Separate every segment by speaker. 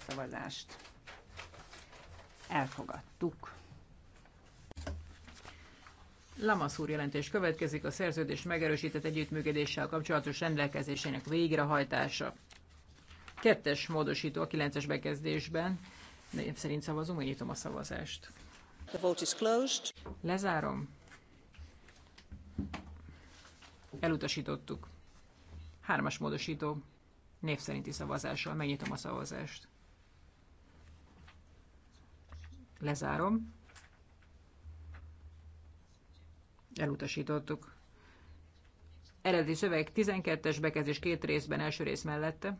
Speaker 1: a szavazást. Elfogadtuk. úr jelentés következik a szerződés megerősített együttműködéssel kapcsolatos rendelkezésének végrehajtása. Kettes módosító a kilences bekezdésben. Név szerint szavazunk, nyitom a szavazást.
Speaker 2: The vote is closed.
Speaker 1: Lezárom. Elutasítottuk. Hármas módosító. Név szerinti szavazással megnyitom a szavazást. Lezárom. Elutasítottuk. Eredeti szöveg 12-es bekezdés két részben, első rész mellette.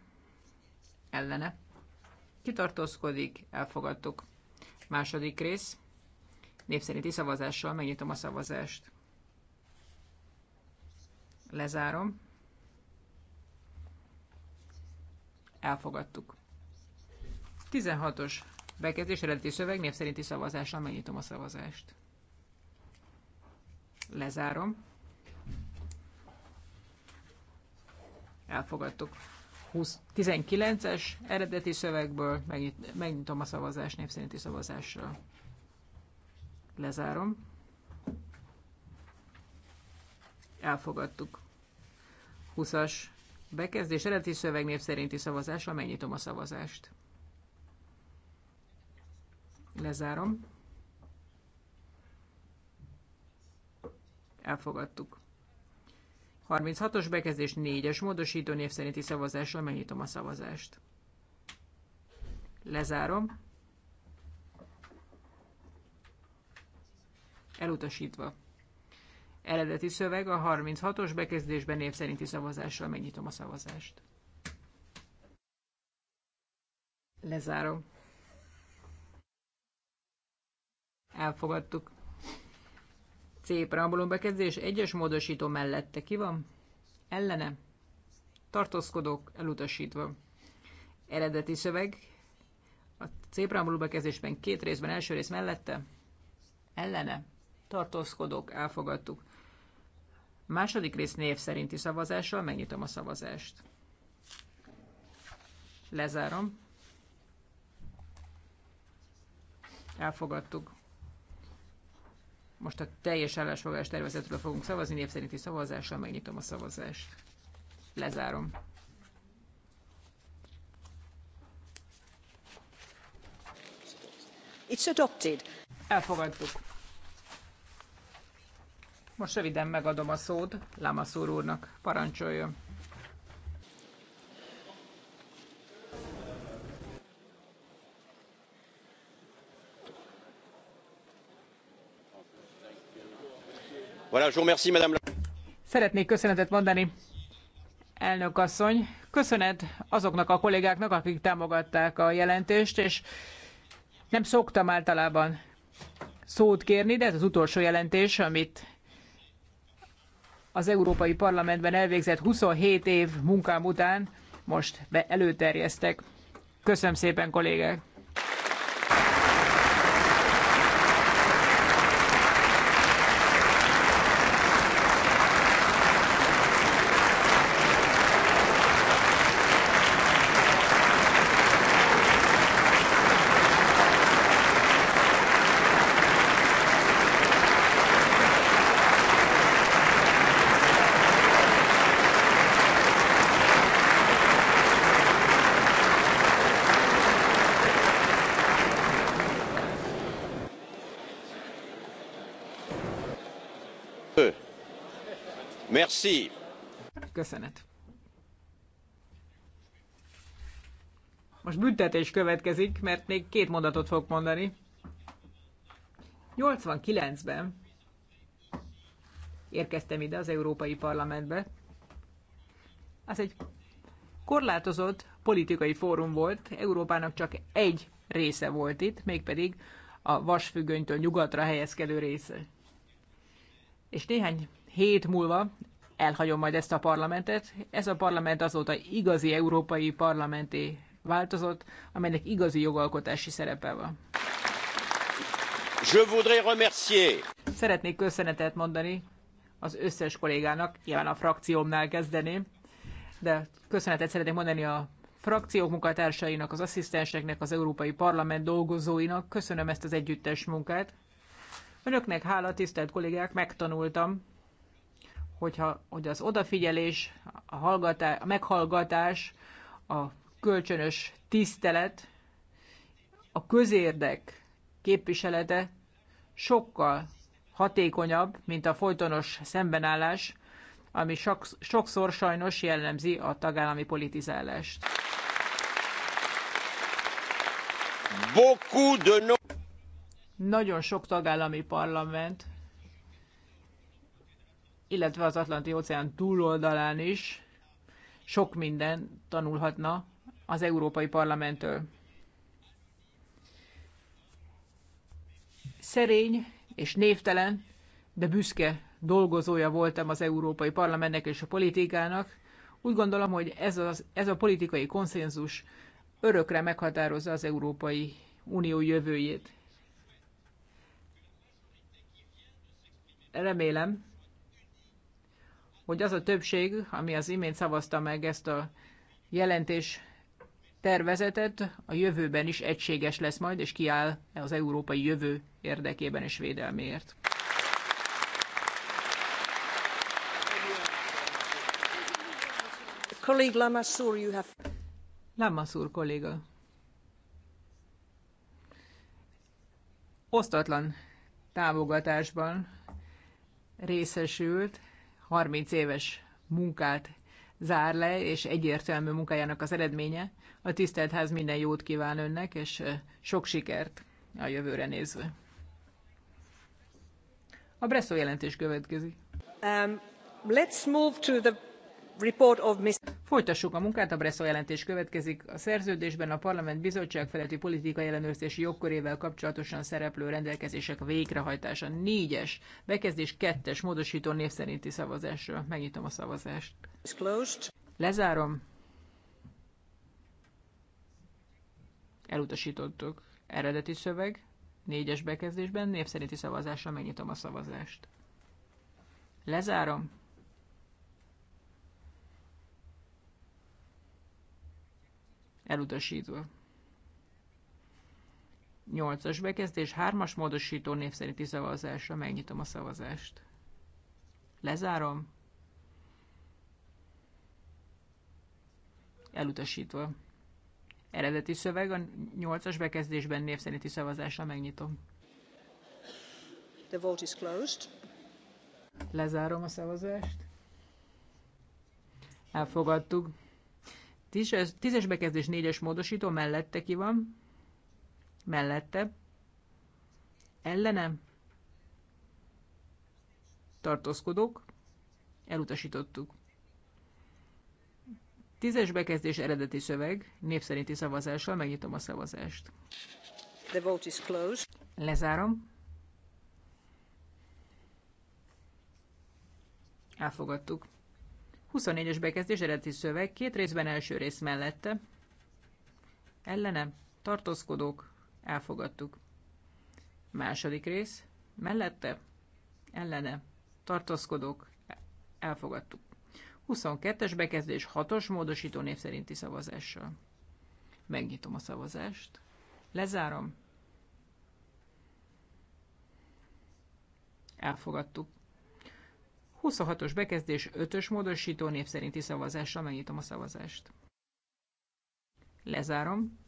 Speaker 1: Ellene. Kitartózkodik, elfogadtuk. Második rész. Népszerinti szavazással megnyitom a szavazást. Lezárom. Elfogadtuk. 16-os bekezdés, eredeti szöveg, név szerinti szavazással megnyitom a szavazást. Lezárom. Elfogadtuk. 19-es eredeti szövegből megnyit, megnyitom a szavazást név szerinti szavazással. Lezárom. Elfogadtuk. 20-as bekezdés eredeti szöveg név szerinti szavazással megnyitom a szavazást. Lezárom. Elfogadtuk. 36-os bekezdés 4-es módosító név szerinti szavazással megnyitom a szavazást. Lezárom. Elutasítva. Eredeti szöveg a 36-os bekezdésben név szerinti szavazással megnyitom a szavazást. Lezárom. elfogadtuk. C. Preambulum bekezdés, egyes módosító mellette ki van? Ellene. Tartózkodók elutasítva. Eredeti szöveg. A C. Preambulum bekezdésben két részben, első rész mellette. Ellene. Tartózkodók elfogadtuk. Második rész név szerinti szavazással megnyitom a szavazást. Lezárom. Elfogadtuk. Most a teljes állásfoglalás tervezetről fogunk szavazni, név szerinti szavazással megnyitom a szavazást. Lezárom. It's adopted. Elfogadtuk. Most röviden megadom a szót Lámaszúr úrnak. Parancsoljon! Szeretnék köszönetet mondani, elnök asszony. Köszönet azoknak a kollégáknak, akik támogatták a jelentést, és nem szoktam általában szót kérni, de ez az utolsó jelentés, amit az Európai Parlamentben elvégzett 27 év munkám után most előterjesztek. Köszönöm szépen, kollégák! Merci. Köszönet. Most büntetés következik, mert még két mondatot fog mondani. 89-ben érkeztem ide az Európai Parlamentbe. Az egy korlátozott politikai fórum volt, Európának csak egy része volt itt, mégpedig a vasfüggönytől nyugatra helyezkedő része. És néhány hét múlva elhagyom majd ezt a parlamentet. Ez a parlament azóta igazi európai parlamenté változott, amelynek igazi jogalkotási szerepe van. Je voudrais remercier. Szeretnék köszönetet mondani az összes kollégának, nyilván a frakciómnál kezdeném, de köszönetet szeretnék mondani a frakciók munkatársainak, az asszisztenseknek, az Európai Parlament dolgozóinak. Köszönöm ezt az együttes munkát. Önöknek hála, tisztelt kollégák, megtanultam, hogyha, hogy az odafigyelés, a, a meghallgatás, a kölcsönös tisztelet, a közérdek képviselete sokkal hatékonyabb, mint a folytonos szembenállás, ami sokszor sajnos jellemzi a tagállami politizálást. Nagyon sok tagállami parlament illetve az Atlanti-óceán túloldalán is sok minden tanulhatna az Európai Parlamenttől. Szerény és névtelen, de büszke dolgozója voltam az Európai Parlamentnek és a politikának. Úgy gondolom, hogy ez, az, ez a politikai konszenzus örökre meghatározza az Európai Unió jövőjét. Remélem, hogy az a többség, ami az imént szavazta meg ezt a jelentés tervezetet, a jövőben is egységes lesz majd, és kiáll az európai jövő érdekében és védelméért. Lamassur kolléga. Osztatlan támogatásban részesült 30 éves munkát zár le, és egyértelmű munkájának az eredménye. A tisztelt ház minden jót kíván önnek, és sok sikert a jövőre nézve. A Bresszó jelentés következik. Um, let's move to the Folytassuk a munkát, a Bresso jelentés következik. A szerződésben a Parlament Bizottság feletti politikai ellenőrzési jogkörével kapcsolatosan szereplő rendelkezések végrehajtása. Négyes, bekezdés kettes, módosító név szerinti szavazásra. Megnyitom a szavazást. Lezárom. Elutasítottuk. Eredeti szöveg. Négyes bekezdésben név szerinti szavazásra megnyitom a szavazást. Lezárom. elutasítva. 8-as bekezdés, 3-as módosító név szerinti szavazásra megnyitom a szavazást. Lezárom. Elutasítva. Eredeti szöveg a 8-as bekezdésben név szerinti szavazásra megnyitom.
Speaker 2: The vote is closed.
Speaker 1: Lezárom a szavazást. Elfogadtuk. Tízes, tízes bekezdés négyes módosító mellette ki van? Mellette. Ellene. Tartózkodók. Elutasítottuk. Tízes bekezdés eredeti szöveg, népszerinti szavazással megnyitom a szavazást.
Speaker 2: The vote is closed.
Speaker 1: Lezárom. Elfogadtuk. 24-es bekezdés eredeti szöveg, két részben első rész mellette. Ellene, tartózkodók, elfogadtuk. Második rész, mellette, ellene, tartózkodók, elfogadtuk. 22-es bekezdés 6-os módosító név szerinti szavazással. Megnyitom a szavazást. Lezárom. Elfogadtuk. 26-os bekezdés 5-ös módosító név szerinti szavazással megnyitom a szavazást. Lezárom.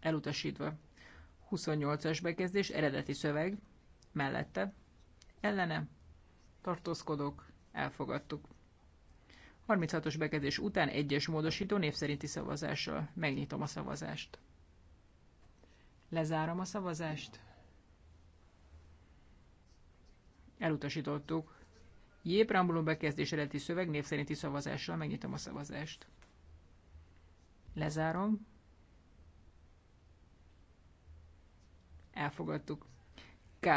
Speaker 1: Elutasítva. 28-as bekezdés eredeti szöveg mellette. Ellene. Tartózkodok. Elfogadtuk. 36-os bekezdés után egyes módosító név szerinti szavazással megnyitom a szavazást. Lezárom a szavazást. Elutasítottuk. J. Preambulum bekezdés eredeti szöveg név szerinti szavazással megnyitom a szavazást. Lezárom. Elfogadtuk. K.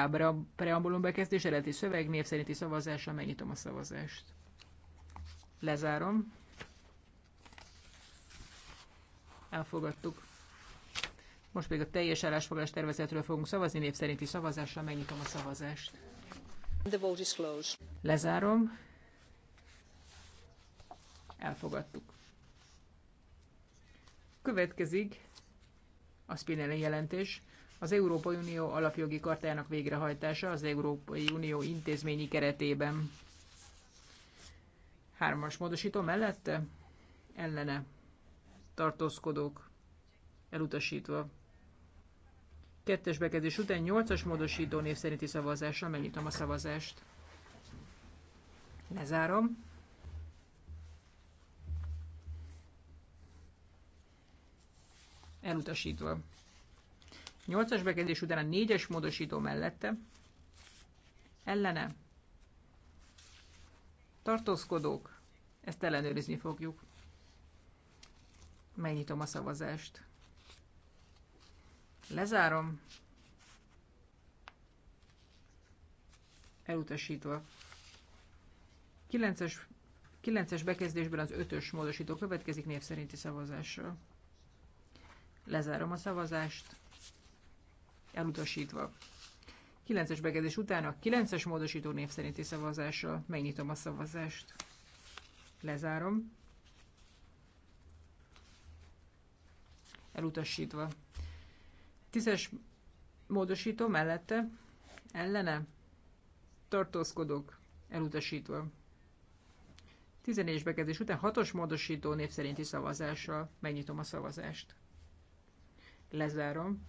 Speaker 1: Preambulum bekezdés eredeti szöveg név szerinti szavazással megnyitom a szavazást. Lezárom. Elfogadtuk. Most pedig a teljes állásfoglalás tervezetről fogunk szavazni, név szerinti szavazással megnyitom a szavazást. Lezárom. Elfogadtuk. Következik a Spinelli jelentés. Az Európai Unió alapjogi kartájának végrehajtása az Európai Unió intézményi keretében. Hármas módosító mellette? Ellene. Tartózkodók. Elutasítva. Kettes bekezdés után 8-as módosító név szerinti szavazással megnyitom a szavazást. Lezárom. Elutasítva. 8-as bekezdés után a 4-es módosító mellette. Ellene. Tartózkodók. Ezt ellenőrizni fogjuk. Megnyitom a szavazást. Lezárom. Elutasítva. 9-es, 9 bekezdésben az 5-ös módosító következik név szerinti szavazással. Lezárom a szavazást. Elutasítva. 9-es bekezdés után a 9-es módosító név szerinti szavazással megnyitom a szavazást. Lezárom. Elutasítva. Tízes módosító mellette ellene tartózkodok elutasítva. Tizenés bekezdés után hatos módosító név szerinti szavazással megnyitom a szavazást. Lezárom.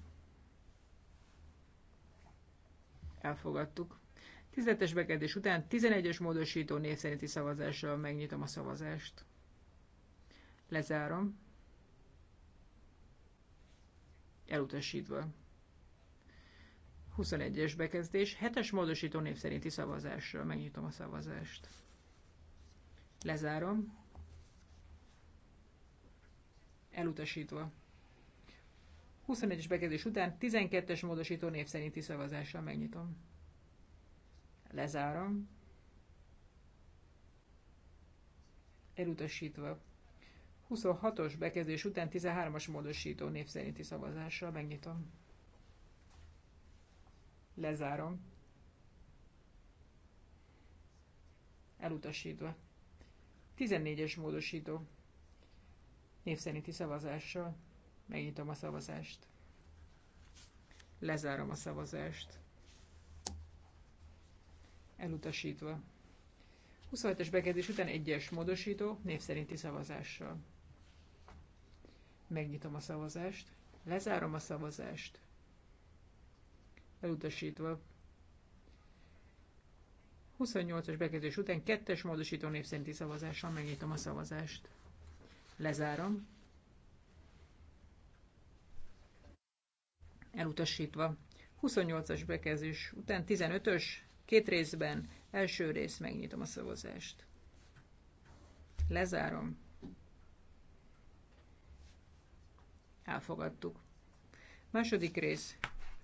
Speaker 1: Elfogadtuk. Tizetes bekezdés után 11-es módosító név szerinti szavazással megnyitom a szavazást. Lezárom elutasítva. 21-es bekezdés, 7-es módosító név szerinti szavazásra. Megnyitom a szavazást. Lezárom. Elutasítva. 21-es bekezdés után 12-es módosító név szerinti szavazással megnyitom. Lezárom. Elutasítva. 26-os bekezdés után 13-as módosító név szerinti szavazással megnyitom. Lezárom. Elutasítva. 14-es módosító név szerinti szavazással megnyitom a szavazást. Lezárom a szavazást. Elutasítva. 27-es bekezdés után 1-es módosító név szerinti szavazással. Megnyitom a szavazást. Lezárom a szavazást. Elutasítva. 28-as bekezdés után kettes módosító népszerinti szavazással megnyitom a szavazást. Lezárom. Elutasítva. 28-as bekezdés után 15-ös, két részben, első rész megnyitom a szavazást. Lezárom. Elfogadtuk. Második rész.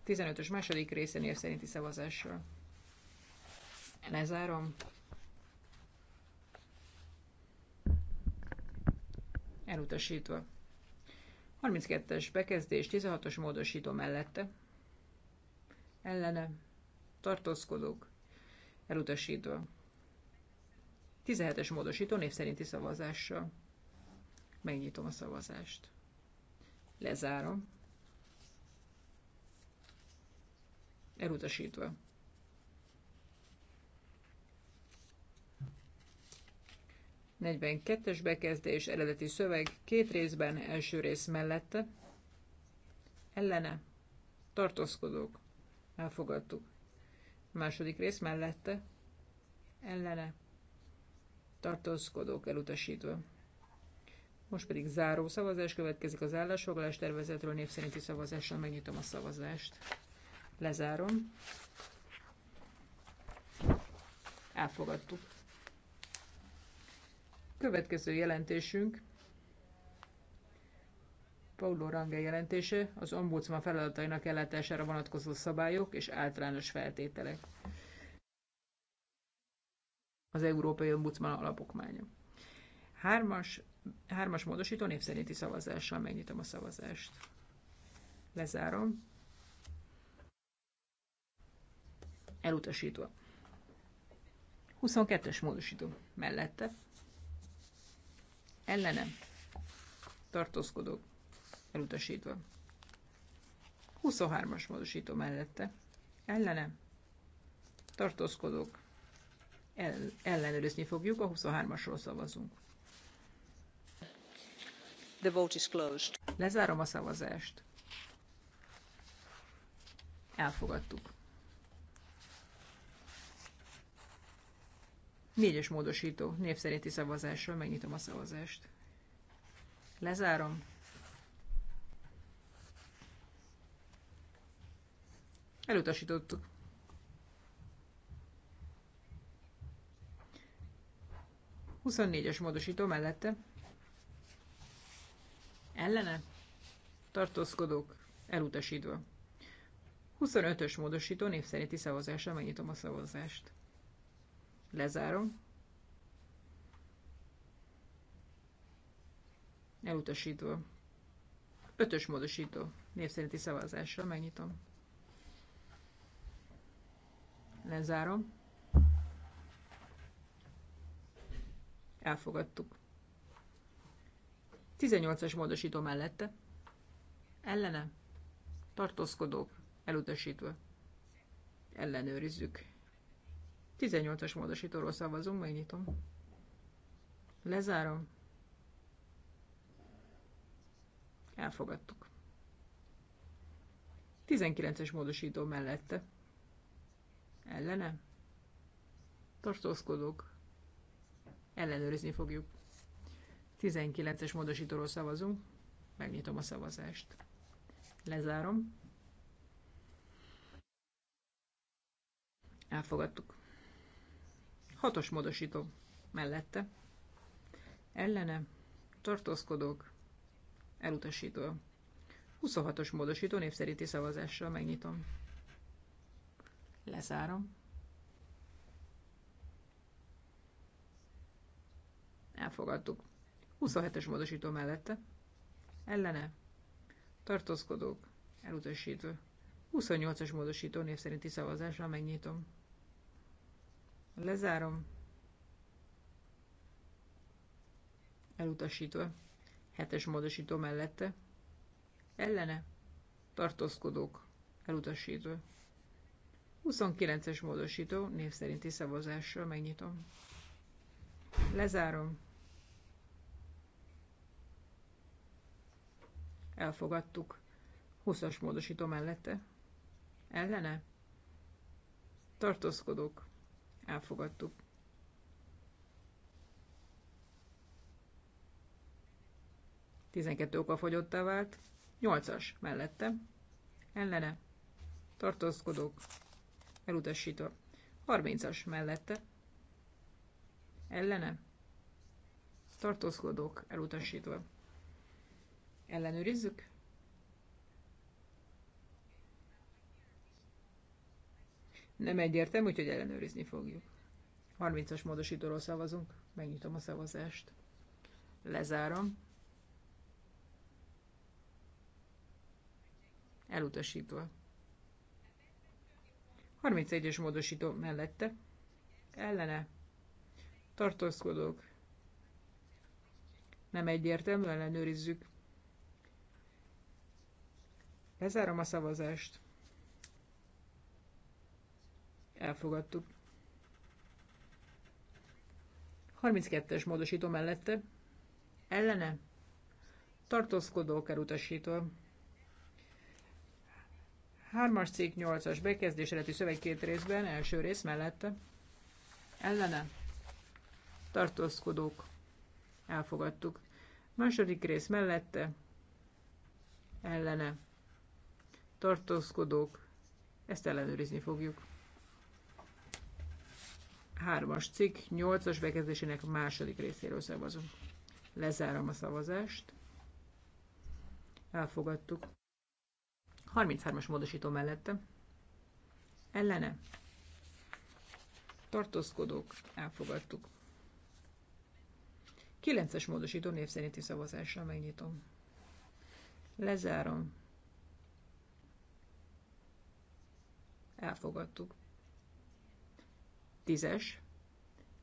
Speaker 1: 15-ös második részen név szerinti szavazással. Lezárom. Elutasítva. 32-es bekezdés 16-os módosító mellette. Ellene. Tartózkodók. Elutasítva. 17-es módosító név szerinti szavazással. Megnyitom a szavazást. Lezárom. Elutasítva. Negyvenkettes bekezdés, eredeti szöveg, két részben, első rész mellette. Ellene. Tartózkodók. Elfogadtuk. Második rész mellette. Ellene. Tartózkodók elutasítva. Most pedig záró szavazás következik az állásfoglalás tervezetről név szerinti szavazással. Megnyitom a szavazást. Lezárom. Elfogadtuk. Következő jelentésünk Paulo Range jelentése az ombudsman feladatainak ellátására vonatkozó szabályok és általános feltételek. Az Európai Ombudsman alapokmánya. Hármas Hármas módosító név szerinti szavazással megnyitom a szavazást. Lezárom. Elutasítva. 22-es módosító mellette. Ellenem. Tartózkodó. Elutasítva. 23-as módosító mellette. Ellenem. Tartózkodók. El, ellenőrizni fogjuk, a 23-asról szavazunk.
Speaker 2: The vote is closed.
Speaker 1: Lezárom a szavazást. Elfogadtuk. Négyes módosító, név szerinti szavazással megnyitom a szavazást. Lezárom. Elutasítottuk. Huszonnégyes módosító mellette ellene tartózkodók elutasítva. 25-ös módosító név szerinti szavazásra megnyitom a szavazást. Lezárom. Elutasítva. 5-ös módosító név szerinti szavazásra megnyitom. Lezárom. Elfogadtuk. 18-as módosító mellette. Ellene. Tartózkodók. Elutasítva. Ellenőrizzük. 18-as módosítóról szavazunk, megnyitom. Lezárom. Elfogadtuk. 19-es módosító mellette. Ellene? Tartózkodók. Ellenőrizni fogjuk. 19-es módosítóról szavazunk. Megnyitom a szavazást. Lezárom. Elfogadtuk. Hatos módosító. Mellette. Ellene. Tartózkodók. Elutasító. 26-os módosító népszerinti szavazással megnyitom. Lezárom. Elfogadtuk. 27-es módosító mellette. Ellene. Tartózkodók. Elutasítva. 28-as módosító név szerinti szavazással megnyitom. Lezárom. Elutasítva. 7-es módosító mellette. Ellene. Tartózkodók. Elutasítva. 29-es módosító név szerinti szavazással megnyitom. Lezárom. elfogadtuk. 20-as módosító mellette, ellene, Tartózkodok. elfogadtuk. Tizenkettő oka fogyottá vált, 8-as mellette, ellene, Tartózkodok. elutasítva. Harmincas mellette, ellene, Tartózkodok. elutasítva ellenőrizzük. Nem egyértelmű, úgyhogy ellenőrizni fogjuk. 30-as módosítóról szavazunk, megnyitom a szavazást. Lezárom. Elutasítva. 31-es módosító mellette. Ellene. Tartózkodók. Nem egyértelmű, ellenőrizzük. Lezárom a szavazást. Elfogadtuk. 32-es módosító mellette. Ellene. Tartózkodó elutasító. 3-as cikk 8-as bekezdés eredeti szöveg két részben, első rész mellette. Ellene. Tartózkodók. Elfogadtuk. Második rész mellette. Ellene tartózkodók, ezt ellenőrizni fogjuk. Hármas cikk, nyolcas bekezdésének második részéről szavazunk. Lezárom a szavazást. Elfogadtuk. 33-as módosító mellette. Ellene. Tartózkodók. Elfogadtuk. 9-es módosító név szerinti szavazással megnyitom. Lezárom. Elfogadtuk. Tízes.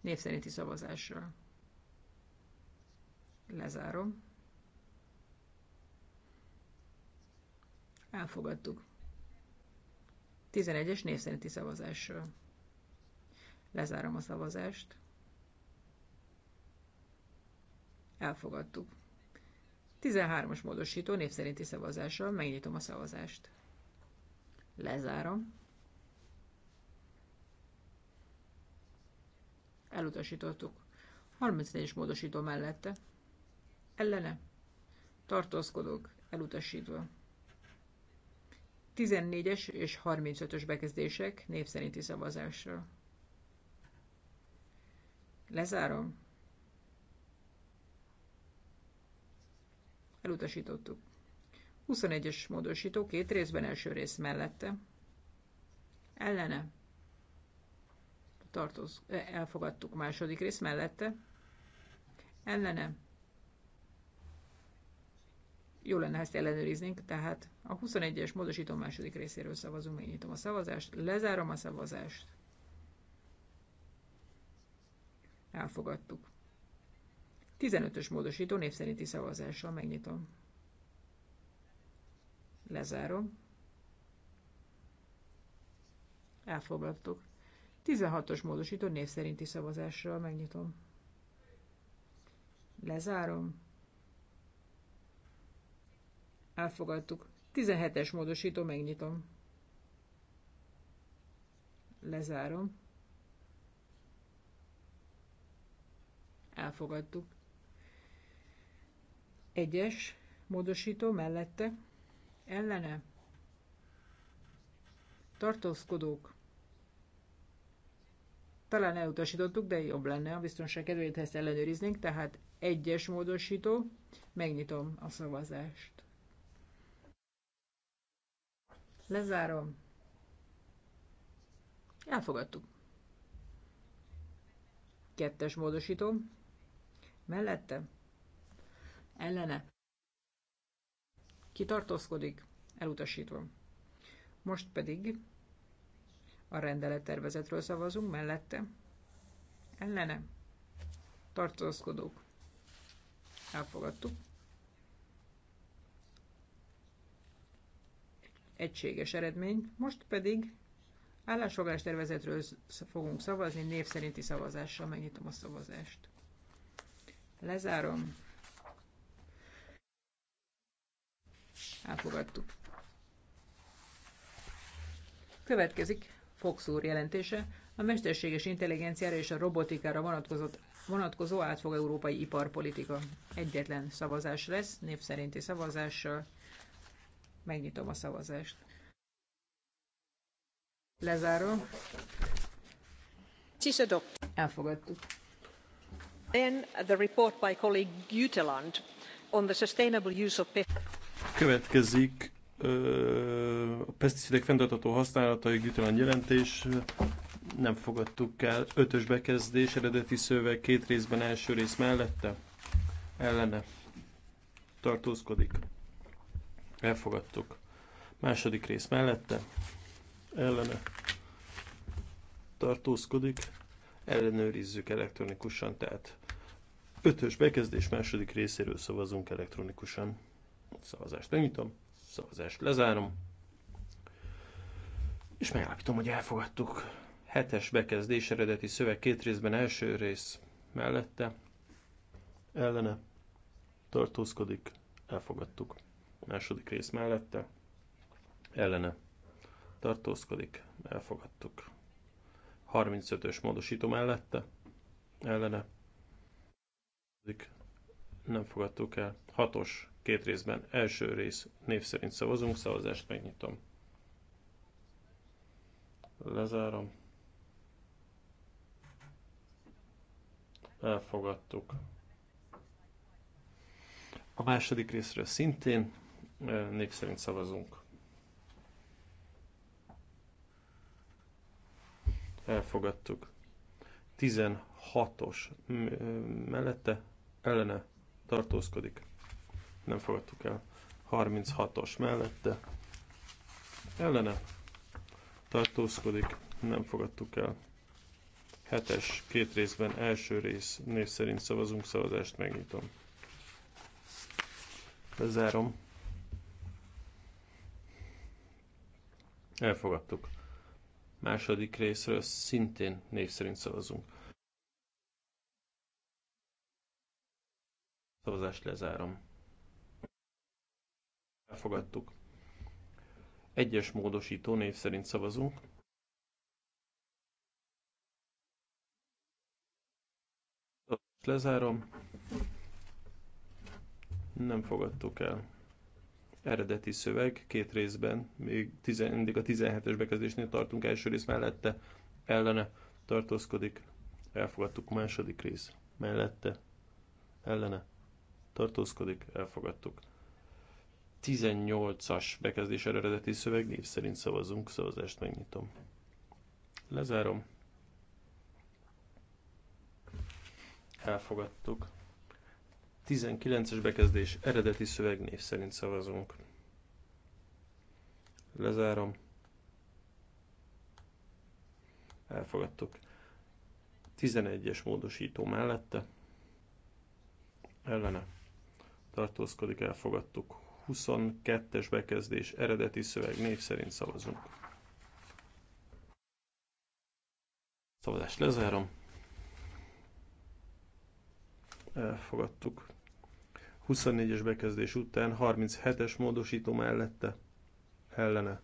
Speaker 1: Név szerinti szavazásra. Lezárom. Elfogadtuk. Tizenegyes, név szerinti szavazásra. Lezárom a szavazást. Elfogadtuk. 13-as módosító név szerinti szavazással megnyitom a szavazást. Lezárom. elutasítottuk. 34-es módosító mellette, ellene, tartózkodók, elutasítva. 14-es és 35-ös bekezdések népszerinti szavazásra. Lezárom. Elutasítottuk. 21-es módosító két részben első rész mellette. Ellene tartoz, e, elfogadtuk második rész mellette, ellene. Jó lenne, ha ezt ellenőriznénk, tehát a 21-es módosító második részéről szavazunk, megnyitom a szavazást, lezárom a szavazást. Elfogadtuk. 15-ös módosító név szerinti szavazással megnyitom. Lezárom. Elfogadtuk. 16-os módosító név szerinti szavazásra megnyitom. Lezárom. Elfogadtuk. 17-es módosító megnyitom. Lezárom. Elfogadtuk. Egyes módosító mellette. Ellene. Tartózkodók talán elutasítottuk, de jobb lenne a biztonság kedvéért, ha ezt ellenőriznénk, tehát egyes módosító, megnyitom a szavazást. Lezárom. Elfogadtuk. Kettes módosító. Mellette. Ellene. Kitartózkodik. Elutasítom. Most pedig a rendelettervezetről szavazunk mellette. Ellene. Tartózkodók. Elfogadtuk. Egységes eredmény. Most pedig állásfoglalás tervezetről fogunk szavazni, név szerinti szavazással megnyitom a szavazást. Lezárom. Elfogadtuk. Következik Fox úr jelentése, a mesterséges intelligenciára és a robotikára vonatkozott, vonatkozó átfog európai iparpolitika. Egyetlen szavazás lesz, név szerinti szavazással. Megnyitom a szavazást.
Speaker 2: Lezárom. Csisadok. Elfogadtuk. Then the report by colleague Guteland on the sustainable use of
Speaker 3: Következik a peszticidek fenntartató használata jogtalan jelentés nem fogadtuk el. Ötös bekezdés, eredeti szöveg két részben első rész mellette, ellene tartózkodik. Elfogadtuk. Második rész mellette, ellene tartózkodik. Ellenőrizzük elektronikusan, tehát ötös bekezdés második részéről szavazunk elektronikusan. Szavazást megnyitom. Szavazást lezárom. És megállapítom, hogy elfogadtuk. Hetes bekezdés eredeti szöveg két részben első rész mellette. Ellene tartózkodik. Elfogadtuk. Második rész mellette. Ellene tartózkodik. Elfogadtuk. 35-ös módosító mellette. Ellene nem fogadtuk el. 6-os két részben. Első rész név szerint szavazunk, szavazást megnyitom. Lezárom. Elfogadtuk. A második részről szintén név szerint szavazunk. Elfogadtuk. 16-os mellette ellene tartózkodik nem fogadtuk el. 36-os mellette ellene tartózkodik, nem fogadtuk el. 7-es két részben első rész név szerint szavazunk, szavazást megnyitom. Lezárom. Elfogadtuk. Második részről szintén név szerint szavazunk. Szavazást lezárom. Elfogadtuk. Egyes módosító név szerint szavazunk. Lezárom. Nem fogadtuk el. Eredeti szöveg két részben, még mindig a 17-es bekezdésnél tartunk első rész mellette, ellene tartózkodik. Elfogadtuk második rész mellette, ellene tartózkodik, elfogadtuk. 18-as bekezdés eredeti szöveg, név szerint szavazunk, szavazást megnyitom. Lezárom. Elfogadtuk. 19-es bekezdés eredeti szöveg, név szerint szavazunk. Lezárom. Elfogadtuk. 11-es módosító mellette. Ellene. Tartózkodik, elfogadtuk. 22-es bekezdés eredeti szöveg név szerint szavazunk. Szavazást lezárom. Elfogadtuk. 24-es bekezdés után 37-es módosító mellette ellene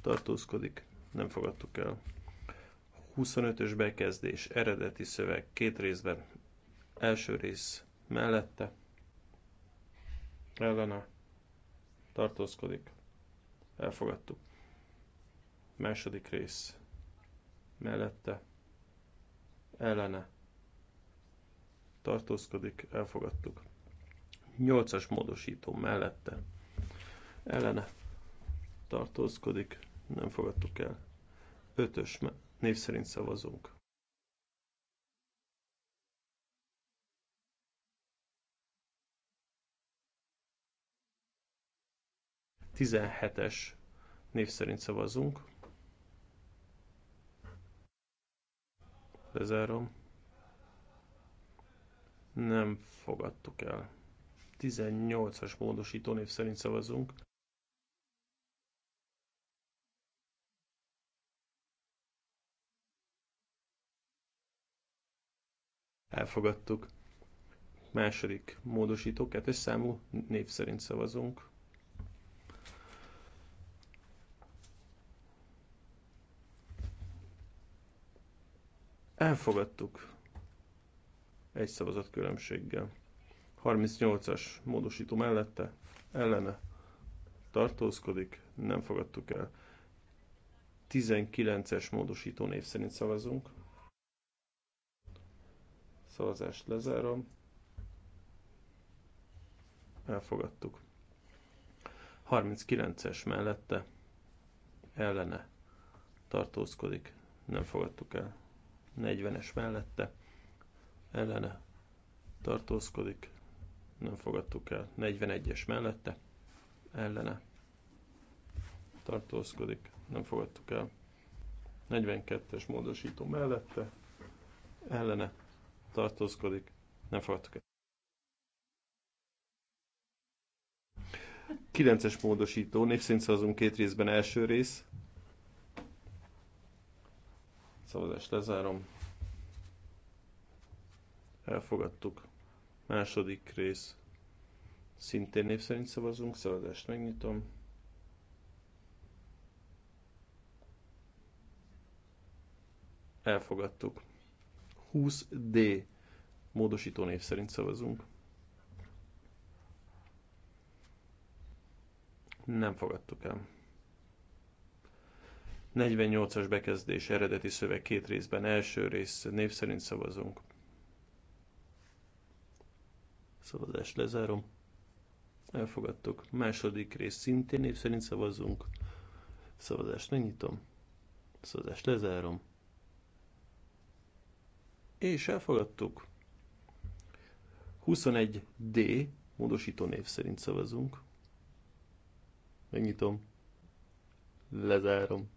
Speaker 3: tartózkodik. Nem fogadtuk el. 25-ös bekezdés eredeti szöveg két részben. Első rész mellette ellene tartózkodik, elfogadtuk. Második rész mellette, ellene, tartózkodik, elfogadtuk. Nyolcas módosító mellette, ellene, tartózkodik, nem fogadtuk el. Ötös, név szerint szavazunk. 17-es név szerint szavazunk. Lezárom. Nem fogadtuk el. 18-as módosító név szerint szavazunk. Elfogadtuk. Második módosító, kettes számú név szerint szavazunk. Elfogadtuk egy szavazat különbséggel. 38-as módosító mellette, ellene tartózkodik, nem fogadtuk el. 19-es módosító név szerint szavazunk. Szavazást lezárom. Elfogadtuk. 39-es mellette, ellene tartózkodik, nem fogadtuk el. 40-es mellette ellene tartózkodik, nem fogadtuk el. 41-es mellette ellene tartózkodik, nem fogadtuk el. 42-es módosító mellette ellene tartózkodik, nem fogadtuk el. 9-es módosító, név szerint szavazunk két részben első rész, Szavazást lezárom. Elfogadtuk. Második rész. Szintén név szerint szavazunk. Szavazást megnyitom. Elfogadtuk. 20D módosító név szerint szavazunk. Nem fogadtuk el. 48-as bekezdés eredeti szöveg két részben. Első rész név szerint szavazunk. Szavazást lezárom. Elfogadtuk. Második rész szintén név szerint szavazunk. Szavazást megnyitom. Szavazást lezárom. És elfogadtuk. 21D módosító név szerint szavazunk. Megnyitom. Lezárom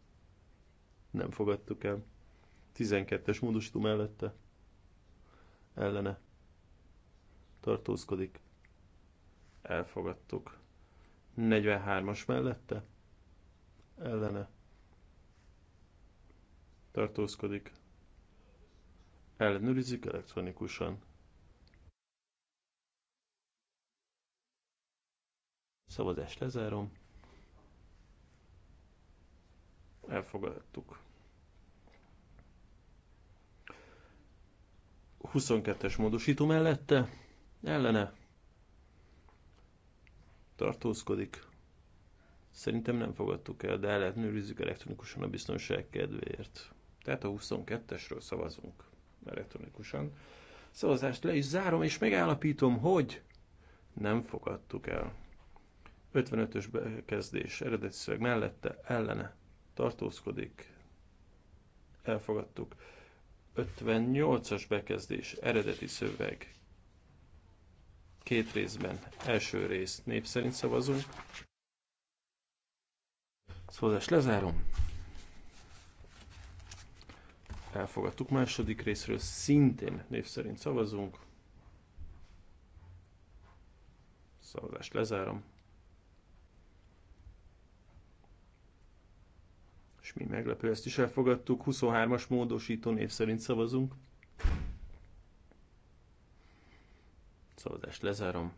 Speaker 3: nem fogadtuk el. 12-es módosító mellette ellene tartózkodik. Elfogadtuk. 43-as mellette ellene tartózkodik. Ellenőrizzük elektronikusan. Szavazást lezárom. Elfogadtuk. 22-es módosító mellette, ellene tartózkodik. Szerintem nem fogadtuk el, de lehet nőrizzük elektronikusan a biztonság kedvéért. Tehát a 22-esről szavazunk elektronikusan. Szavazást le is zárom, és megállapítom, hogy nem fogadtuk el. 55-ös bekezdés eredeti mellette, ellene tartózkodik. Elfogadtuk. 58-as bekezdés, eredeti szöveg. Két részben. Első rész név szerint szavazunk. Szavazást lezárom. Elfogadtuk. Második részről szintén név szerint szavazunk. Szavazást lezárom. mi meglepő, ezt is elfogadtuk. 23-as módosító név szerint szavazunk. Szavazást lezárom.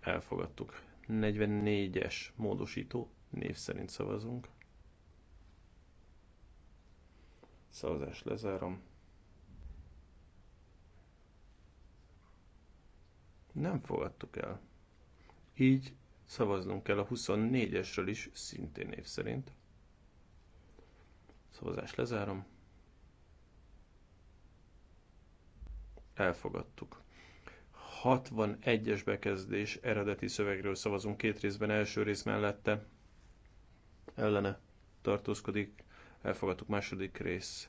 Speaker 3: Elfogadtuk. 44-es módosító név szerint szavazunk. Szavazást lezárom. Nem fogadtuk el. Így Szavaznunk kell a 24-esről is, szintén név szerint. Szavazást lezárom. Elfogadtuk. 61-es bekezdés eredeti szövegről szavazunk két részben, első rész mellette ellene tartózkodik, elfogadtuk második rész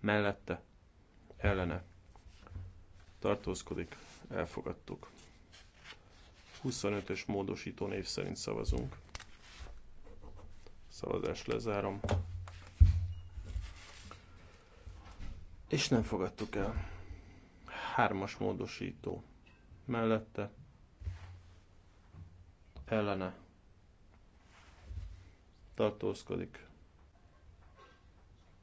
Speaker 3: mellette ellene tartózkodik, elfogadtuk. 25-ös módosító név szerint szavazunk. Szavazást lezárom. És nem fogadtuk el. Hármas módosító. Mellette. Ellene. Tartózkodik.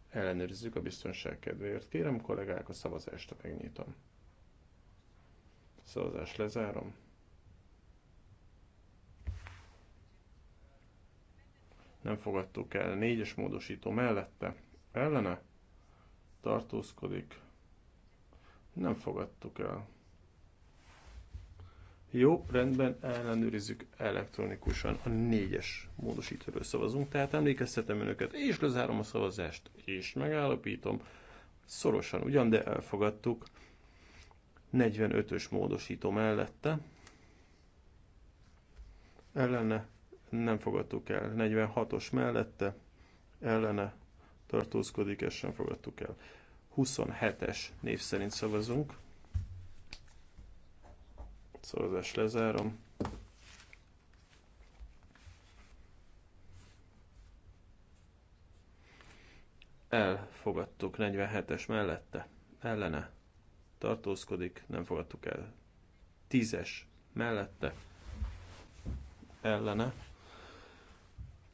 Speaker 3: Ellenőrizzük a biztonság kedvéért. Kérem kollégák, a szavazást megnyitom. Szavazást lezárom. nem fogadtuk el. Négyes módosító mellette, ellene, tartózkodik, nem fogadtuk el. Jó, rendben, ellenőrizzük elektronikusan. A négyes módosítóról szavazunk, tehát emlékeztetem önöket, és lezárom a szavazást, és megállapítom, szorosan ugyan, de elfogadtuk. 45-ös módosító mellette. Ellene nem fogadtuk el. 46-os mellette ellene tartózkodik, ezt sem fogadtuk el. 27-es név szerint szavazunk. Szavazás lezárom. Elfogadtuk 47-es mellette. Ellene tartózkodik, nem fogadtuk el. 10-es mellette. Ellene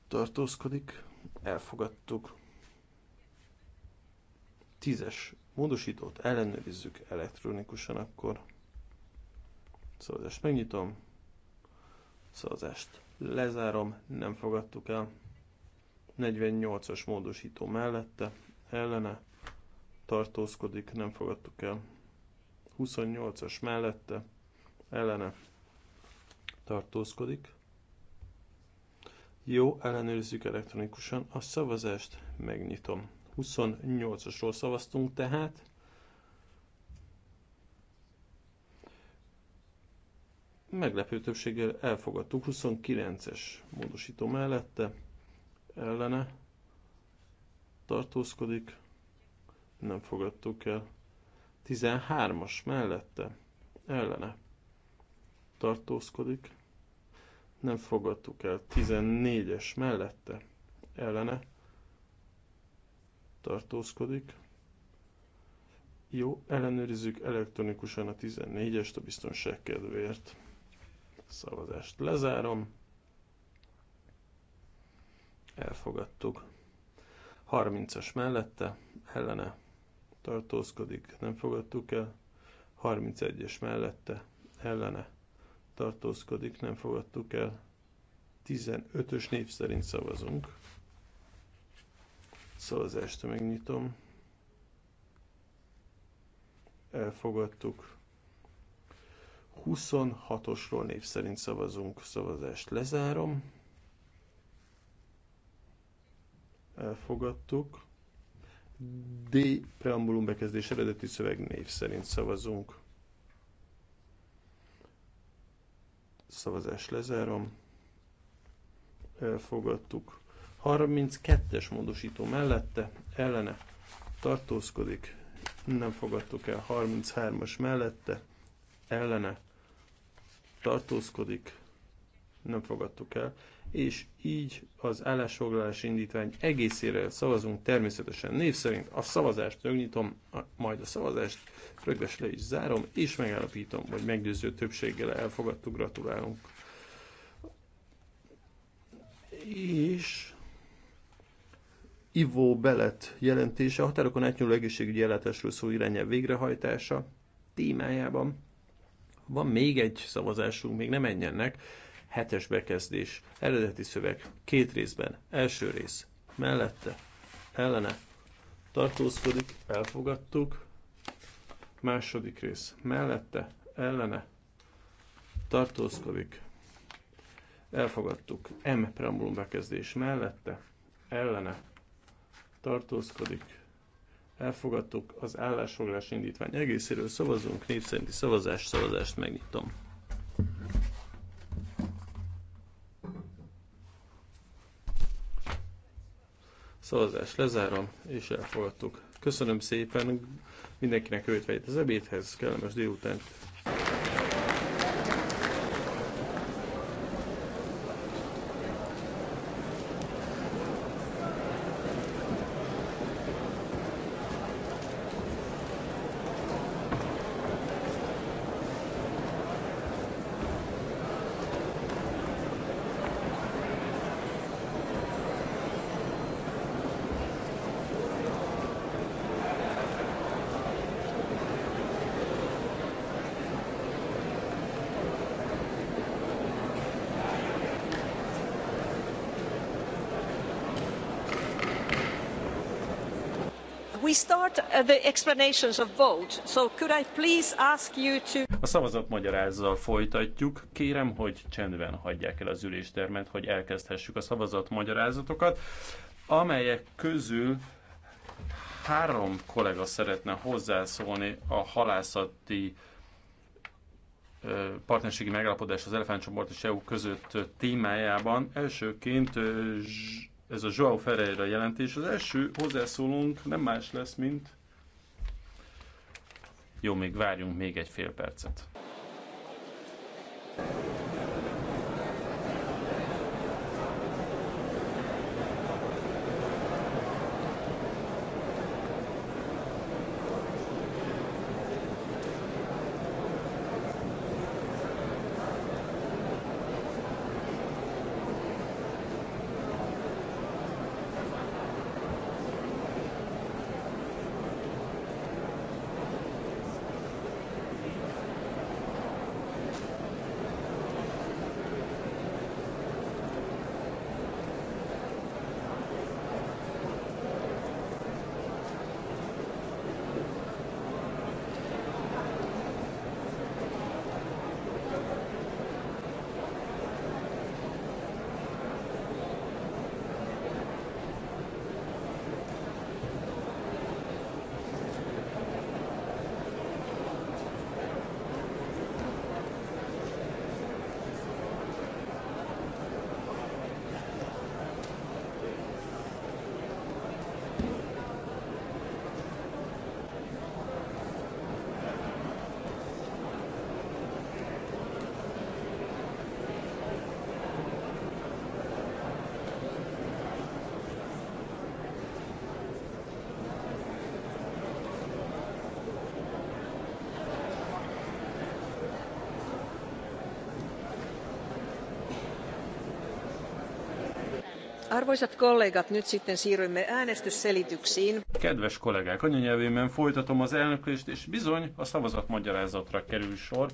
Speaker 3: tartózkodik, elfogadtuk. Tízes módosítót ellenőrizzük elektronikusan akkor. Szavazást megnyitom, szavazást lezárom, nem fogadtuk el. 48-as módosító mellette, ellene tartózkodik, nem fogadtuk el. 28-as mellette, ellene tartózkodik, jó, ellenőrizzük elektronikusan a szavazást, megnyitom. 28-asról szavaztunk tehát. Meglepő többséggel elfogadtuk, 29-es módosító mellette, ellene tartózkodik, nem fogadtuk el. 13-as mellette, ellene tartózkodik, nem fogadtuk el. 14-es mellette ellene tartózkodik. Jó, ellenőrizzük elektronikusan a 14-est a biztonság kedvéért. Szavazást lezárom. Elfogadtuk. 30-as mellette ellene tartózkodik, nem fogadtuk el. 31-es mellette ellene tartózkodik, nem fogadtuk el. 15-ös név szerint szavazunk. Szavazást megnyitom. Elfogadtuk. 26-osról név szerint szavazunk. Szavazást lezárom. Elfogadtuk. D. Preambulum bekezdés eredeti szöveg név szerint szavazunk. Szavazás lezárom. Elfogadtuk. 32-es módosító mellette, ellene tartózkodik. Nem fogadtuk el. 33-as mellette, ellene tartózkodik. Nem fogadtuk el és így az állásfoglalás indítvány egészére szavazunk természetesen név szerint. A szavazást rögnyitom, majd a szavazást rögves le is zárom, és megállapítom, hogy meggyőző többséggel elfogadtuk, gratulálunk. És Ivó Belet jelentése, a határokon átnyúló egészségügyi ellátásról szóló irányelv végrehajtása témájában. Van még egy szavazásunk, még nem menjenek hetes bekezdés, eredeti szöveg, két részben, első rész, mellette, ellene, tartózkodik, elfogadtuk, második rész, mellette, ellene, tartózkodik, elfogadtuk, M preambulum bekezdés, mellette, ellene, tartózkodik, elfogadtuk az állásfoglalás indítvány egészéről szavazunk, népszerinti szavazás, szavazást megnyitom. Szavazást lezárom, és elfogadtuk. Köszönöm szépen mindenkinek követve az ebédhez, kellemes délutánt!
Speaker 2: we start uh, the explanations of vote, so could I please ask you to...
Speaker 3: A szavazat magyarázzal folytatjuk. Kérem, hogy csendben hagyják el az üléstermet, hogy elkezdhessük a szavazat magyarázatokat, amelyek közül három kollega szeretne hozzászólni a halászati partnerségi megállapodás az elefántcsoport és EU között témájában. Elsőként ez a João Ferreira jelentés. Az első hozzászólónk nem más lesz, mint... Jó, még várjunk még egy fél percet.
Speaker 2: Arvoisat kollégat, nyt sitten siirrymme äänestysselityksiin.
Speaker 3: Kedves kollégák, anyanyelvémben folytatom az elnöklést, és bizony a szavazatmagyarázatra kerül sor.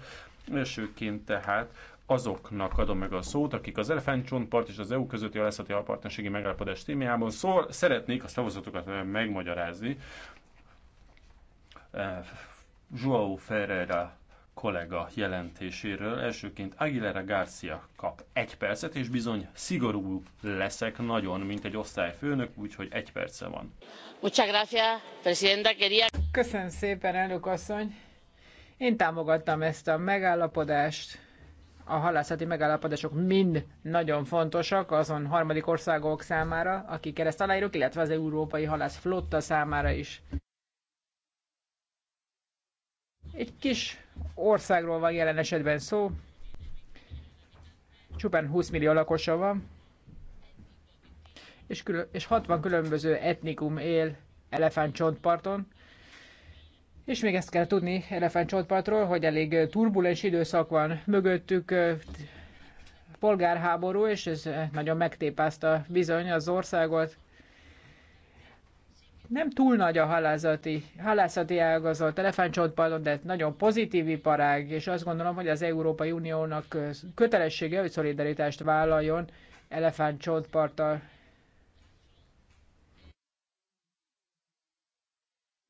Speaker 3: Elsőként tehát azoknak adom meg a szót, akik az elefántcsontpart és az EU közötti alászati alpartnerségi megállapodás témájában szól, szeretnék a szavazatokat megmagyarázni. Eh, João Ferreira kollega jelentéséről. Elsőként Aguilera Garcia kap egy percet, és bizony szigorú leszek nagyon, mint egy osztályfőnök, úgyhogy egy perce van.
Speaker 1: Köszönöm szépen, elnök asszony. Én támogattam ezt a megállapodást. A halászati megállapodások mind nagyon fontosak azon harmadik országok számára, akik ezt aláírok, illetve az európai halász flotta számára is. Egy kis országról van jelen esetben szó, csupán 20 millió lakosa van, és, külön, és 60 különböző etnikum él elefántcsontparton, és még ezt kell tudni elefántcsontpartról, hogy elég turbulens időszak van mögöttük, polgárháború, és ez nagyon megtépázta bizony az országot nem túl nagy a halászati, halászati ágazat, elefántcsontpallon, de nagyon pozitív iparág, és azt gondolom, hogy az Európai Uniónak kötelessége, hogy szolidaritást vállaljon elefántcsontparttal.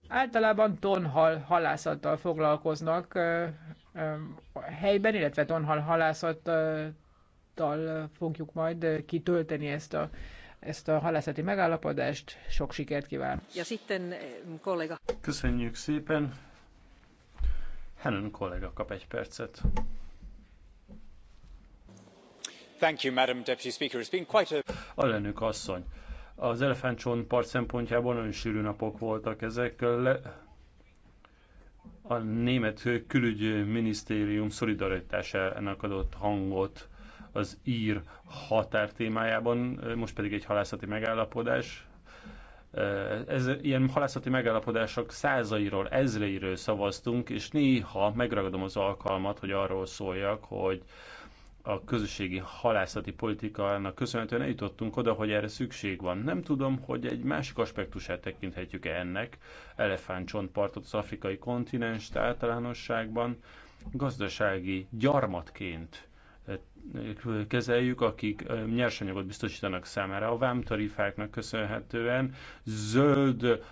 Speaker 1: Általában tonhal halászattal foglalkoznak helyben, illetve tonhal halászattal fogjuk majd kitölteni ezt a ezt a halászati megállapodást. Sok sikert kíván!
Speaker 2: Ja, sitten eh, kollega.
Speaker 3: Köszönjük szépen! Helen kollega kap egy percet.
Speaker 2: Thank you, Madam Deputy Speaker. It's been quite a...
Speaker 3: Alelnök asszony, az part szempontjából nagyon sűrű napok voltak ezek. Le, a német külügyminisztérium szolidaritásának adott hangot az ír határ témájában, most pedig egy halászati megállapodás. Ez, ilyen halászati megállapodások százairól, ezreiről szavaztunk, és néha megragadom az alkalmat, hogy arról szóljak, hogy a közösségi halászati politikának köszönhetően eljutottunk oda, hogy erre szükség van. Nem tudom, hogy egy másik aspektusát tekinthetjük-e ennek, elefántcsontpartot az afrikai kontinens általánosságban, gazdasági gyarmatként kezeljük, akik nyersanyagot biztosítanak számára. A vámtarifáknak köszönhetően zöld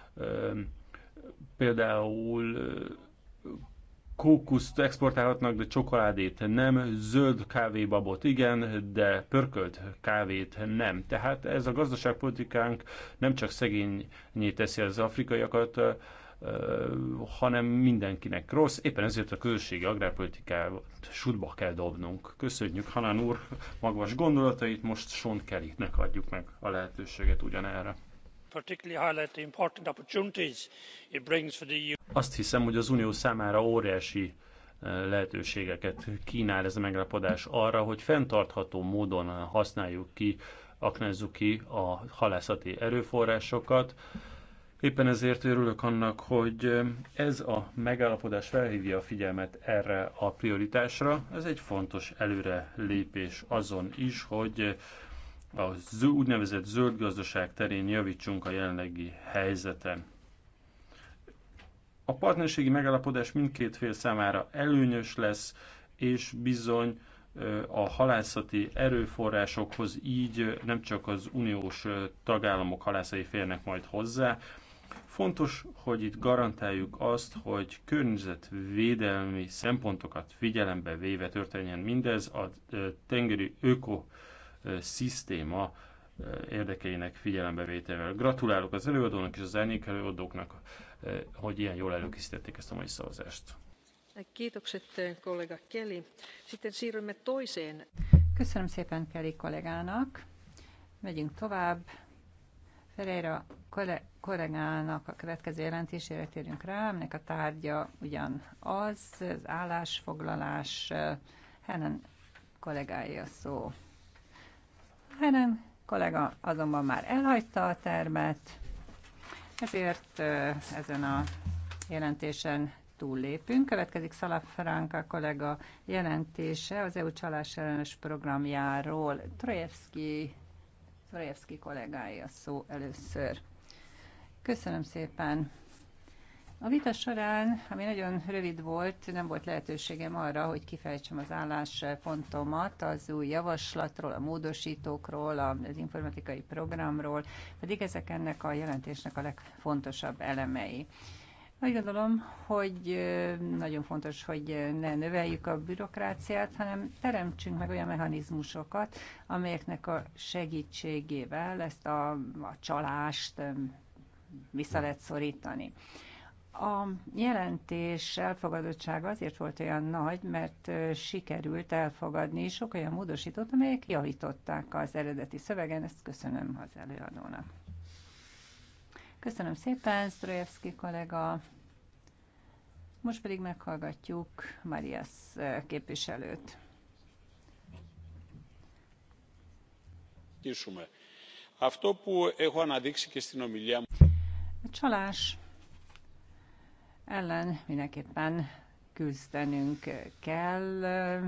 Speaker 3: például kókuszt exportálhatnak, de csokoládét nem, zöld kávébabot igen, de pörkölt kávét nem. Tehát ez a gazdaságpolitikánk nem csak szegényé teszi az afrikaiakat, hanem mindenkinek rossz. Éppen ezért a közösségi agrárpolitikát sútba kell dobnunk. Köszönjük Hanán úr magvas gondolatait, most Sean Kellynek adjuk meg a lehetőséget ugyanerre. Azt hiszem, hogy az Unió számára óriási lehetőségeket kínál ez a megállapodás arra, hogy fenntartható módon használjuk ki, aknázzuk ki a halászati erőforrásokat, Éppen ezért örülök annak, hogy ez a megállapodás felhívja a figyelmet erre a prioritásra. Ez egy fontos előre lépés azon is, hogy a úgynevezett zöld gazdaság terén javítsunk a jelenlegi helyzeten. A partnerségi megállapodás mindkét fél számára előnyös lesz, és bizony a halászati erőforrásokhoz így nem csak az uniós tagállamok halászai férnek majd hozzá, Fontos, hogy itt garantáljuk azt, hogy környezetvédelmi szempontokat figyelembe véve történjen mindez a tengeri ökoszisztéma érdekeinek figyelembevételével. Gratulálok az előadónak és az elnék előadóknak, hogy ilyen jól előkészítették
Speaker 2: ezt a mai szavazást. Kiitokset kollega Kelly. Sitten siirrymme toiseen. Köszönöm szépen Kelly kollégának. Megyünk tovább. Ferreira kollégának a következő jelentésére térjünk rá, aminek a tárgya ugyan az állásfoglalás. Helen kollégája a szó. Helen kollega azonban már elhagyta a termet, ezért ezen a jelentésen túllépünk. Következik Franka kollega jelentése az EU csalás ellenes programjáról. Trojevski, Trojevski kollégája szó először. Köszönöm szépen. A vita során, ami nagyon rövid volt, nem volt lehetőségem arra, hogy kifejtsem az álláspontomat az új javaslatról, a módosítókról, az informatikai programról, pedig ezek ennek a jelentésnek a legfontosabb elemei. Úgy gondolom, hogy nagyon fontos, hogy ne növeljük a bürokráciát, hanem teremtsünk meg olyan mechanizmusokat, amelyeknek a segítségével ezt a, a csalást vissza lehet szorítani. A jelentés elfogadottsága azért volt olyan nagy, mert sikerült elfogadni sok olyan módosítót, amelyek javították az eredeti szövegen. Ezt köszönöm az előadónak. Köszönöm szépen, Sztrojevszki kollega. Most pedig meghallgatjuk Marias képviselőt.
Speaker 3: Köszönöm. Αυτό που έχω αναδείξει και στην ομιλία μου
Speaker 2: a csalás ellen mindenképpen küzdenünk kell,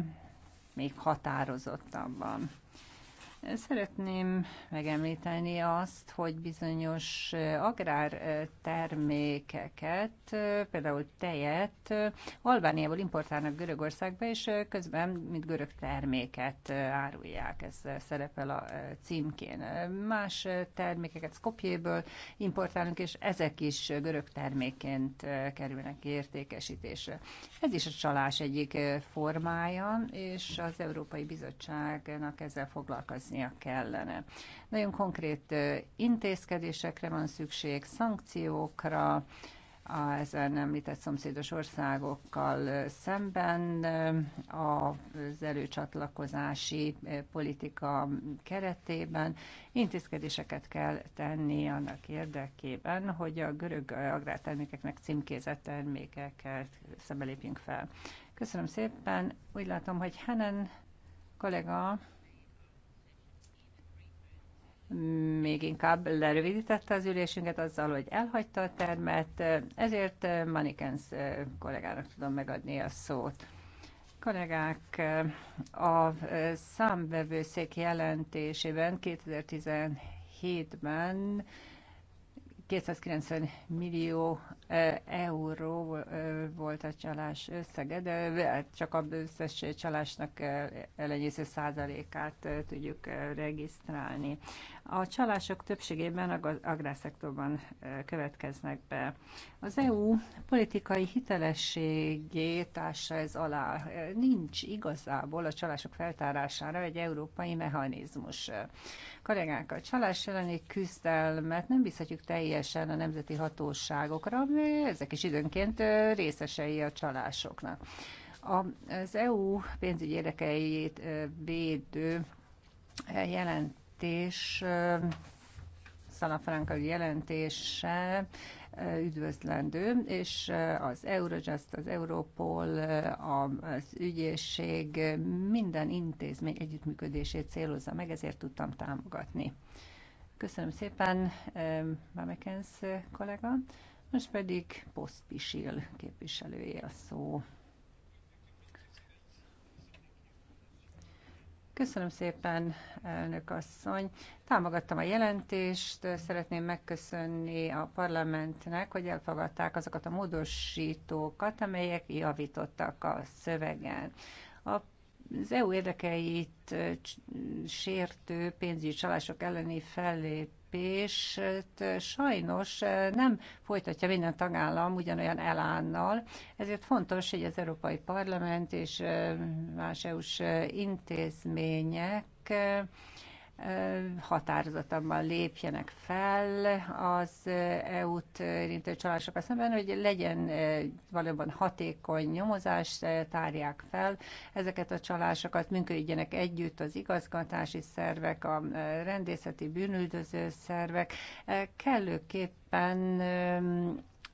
Speaker 2: még határozottabban. Szeretném megemlíteni azt, hogy bizonyos agrártermékeket, például tejet Albániából importálnak Görögországba, és közben mint görög terméket árulják. Ez szerepel a címkén. Más termékeket Skopjéből importálunk, és ezek is görög termékként kerülnek értékesítésre. Ez is a csalás egyik formája, és az Európai Bizottságnak ezzel foglalkozni foglalkoznia kellene. Nagyon konkrét intézkedésekre van szükség, szankciókra, az nem említett szomszédos országokkal szemben az előcsatlakozási politika keretében intézkedéseket kell tenni annak érdekében, hogy a görög agrártermékeknek címkézett termékekkel szembe lépjünk fel. Köszönöm szépen. Úgy látom, hogy Henen kollega még inkább lerövidítette az ülésünket azzal, hogy elhagyta a termet, ezért eh, Manikens eh, kollégának tudom megadni a szót. Kollégák, eh, a számvevőszék jelentésében 2017-ben 290 millió euró volt a csalás összege, de csak a összes csalásnak elenyésző százalékát tudjuk regisztrálni. A csalások többségében az agrárszektorban következnek be. Az EU politikai hitelességét társa ez alá. Nincs igazából a csalások feltárására egy európai mechanizmus. Kollégák, a csalás elleni küzdelmet nem bízhatjuk teljesen a nemzeti hatóságokra, mert ezek is időnként részesei a csalásoknak. Az EU pénzügyi érdekeit védő jelent jelentés, Salafranca jelentése üdvözlendő, és az Eurojust, az Europol, az ügyészség minden intézmény együttműködését célozza meg, ezért tudtam támogatni. Köszönöm szépen, Mamekens kollega. Most pedig Poszpisil képviselője a szó. Köszönöm szépen, elnök asszony. Támogattam a jelentést, szeretném megköszönni a parlamentnek, hogy elfogadták azokat a módosítókat, amelyek javítottak a szövegen. A az EU érdekeit sértő pénzügyi csalások elleni fellépést sajnos nem folytatja minden tagállam ugyanolyan elánnal, ezért fontos, hogy az Európai Parlament és más EU-s intézmények határozatabban lépjenek fel az eh, EU-t érintő csalásokkal szemben, hogy legyen eh, valóban hatékony nyomozás, eh, tárják fel ezeket a csalásokat, működjenek együtt az igazgatási szervek, a rendészeti bűnüldöző szervek, kellőképpen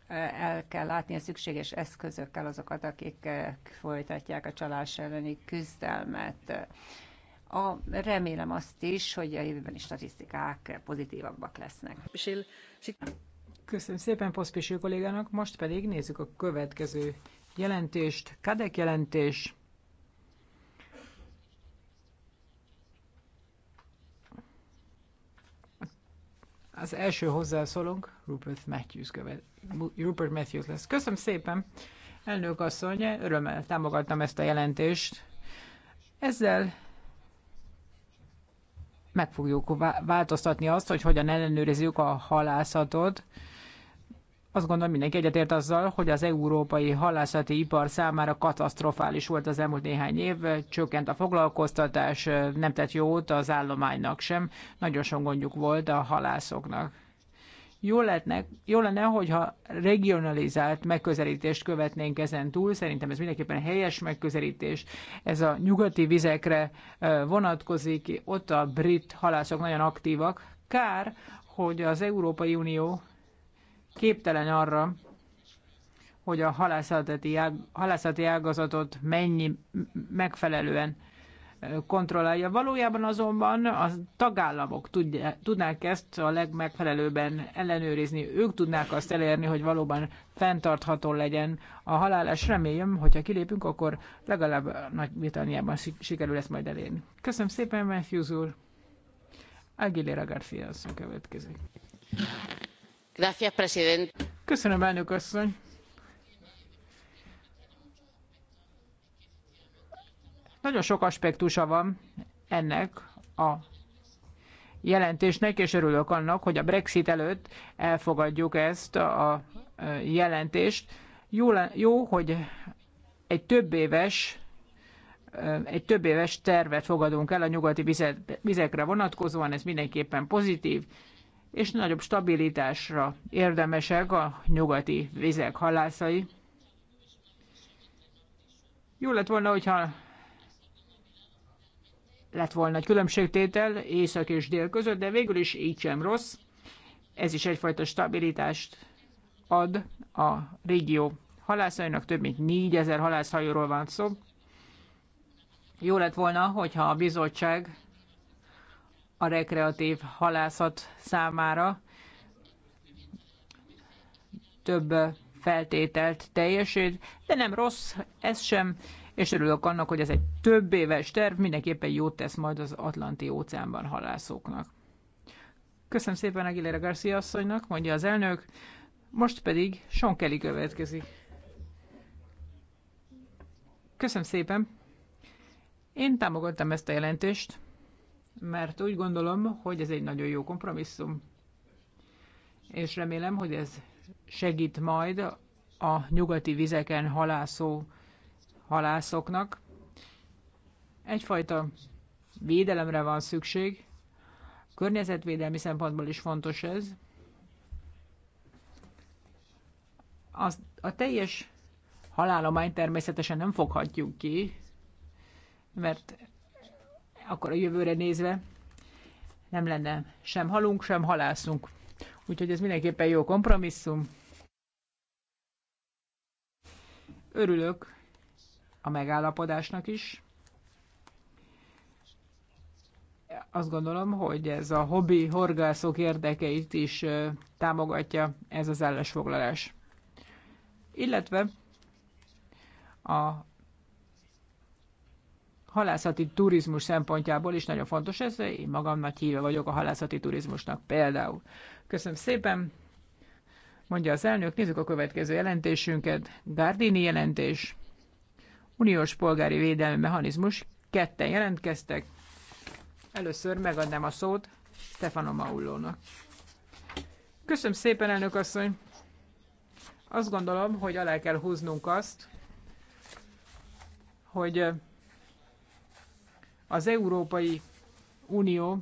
Speaker 2: el kell látni a szükséges eszközökkel azokat, akik folytatják a csalás elleni küzdelmet a, remélem azt is, hogy a jövőben is statisztikák pozitívabbak lesznek. Köszönöm szépen Poszpisil kollégának, most pedig nézzük a következő
Speaker 1: jelentést, Kadek jelentés. Az első hozzászólónk Rupert Matthews, követ, Rupert Matthews lesz. Köszönöm szépen, elnök asszony, örömmel támogattam ezt a jelentést. Ezzel meg fogjuk változtatni azt, hogy hogyan ellenőrizzük a halászatot. Azt gondolom mindenki egyetért azzal, hogy az európai halászati ipar számára katasztrofális volt az elmúlt néhány év, csökkent a foglalkoztatás, nem tett jót az állománynak sem, nagyon sok gondjuk volt a halászoknak. Jó, lehetne, jó lenne, hogyha regionalizált megközelítést követnénk ezen túl. Szerintem ez mindenképpen helyes megközelítés. Ez a nyugati vizekre vonatkozik, ott a brit halászok nagyon aktívak. Kár, hogy az Európai Unió képtelen arra, hogy a halászati, ág, halászati ágazatot mennyi megfelelően kontrollálja. Valójában azonban a tagállamok tudnák ezt a legmegfelelőbben ellenőrizni. Ők tudnák azt elérni, hogy valóban fenntartható legyen a halálás. Reméljem, hogyha kilépünk, akkor legalább Nagy-Britanniában sikerül ezt majd elérni. Köszönöm szépen, Matthews úr. Aguilera García következik. Gracias, presidente Köszönöm, elnök asszony. Nagyon sok aspektusa van ennek a jelentésnek, és örülök annak, hogy a Brexit előtt elfogadjuk ezt a e, jelentést. Jó, jó hogy egy több éves e, egy több éves tervet fogadunk el a nyugati vizekre vonatkozóan, ez mindenképpen pozitív, és nagyobb stabilitásra érdemesek a nyugati vizek halászai. Jó lett volna, hogyha lett volna egy különbségtétel észak és dél között, de végül is így sem rossz. Ez is egyfajta stabilitást ad a régió halászainak, több mint 4000 halászhajóról van szó. Jó lett volna, hogyha a bizottság a rekreatív halászat számára több feltételt teljesít, de nem rossz, ez sem és örülök annak, hogy ez egy több éves terv, mindenképpen jót tesz majd az Atlanti óceánban halászóknak. Köszönöm szépen Aguilera Garcia asszonynak, mondja az elnök, most pedig Sean Kelly következik. Köszönöm szépen! Én támogattam ezt a jelentést, mert úgy gondolom, hogy ez egy nagyon jó kompromisszum. És remélem, hogy ez segít majd a nyugati vizeken halászó halászoknak. Egyfajta védelemre van szükség. Környezetvédelmi szempontból is fontos ez. Az, a teljes halálomány természetesen nem foghatjuk ki, mert akkor a jövőre nézve nem lenne sem halunk, sem halászunk. Úgyhogy ez mindenképpen jó kompromisszum. Örülök a megállapodásnak is. Azt gondolom, hogy ez a hobbi horgászok érdekeit is támogatja ez az állásfoglalás. Illetve a halászati turizmus szempontjából is nagyon fontos ez. Én magam nagy híve vagyok a halászati turizmusnak például. Köszönöm szépen, mondja az elnök. Nézzük a következő jelentésünket. Gardini jelentés uniós polgári védelmi mechanizmus. Ketten jelentkeztek. Először megadnám a szót Stefano Maullónak. Köszönöm szépen, elnök asszony! Azt gondolom, hogy alá kell húznunk azt, hogy az Európai Unió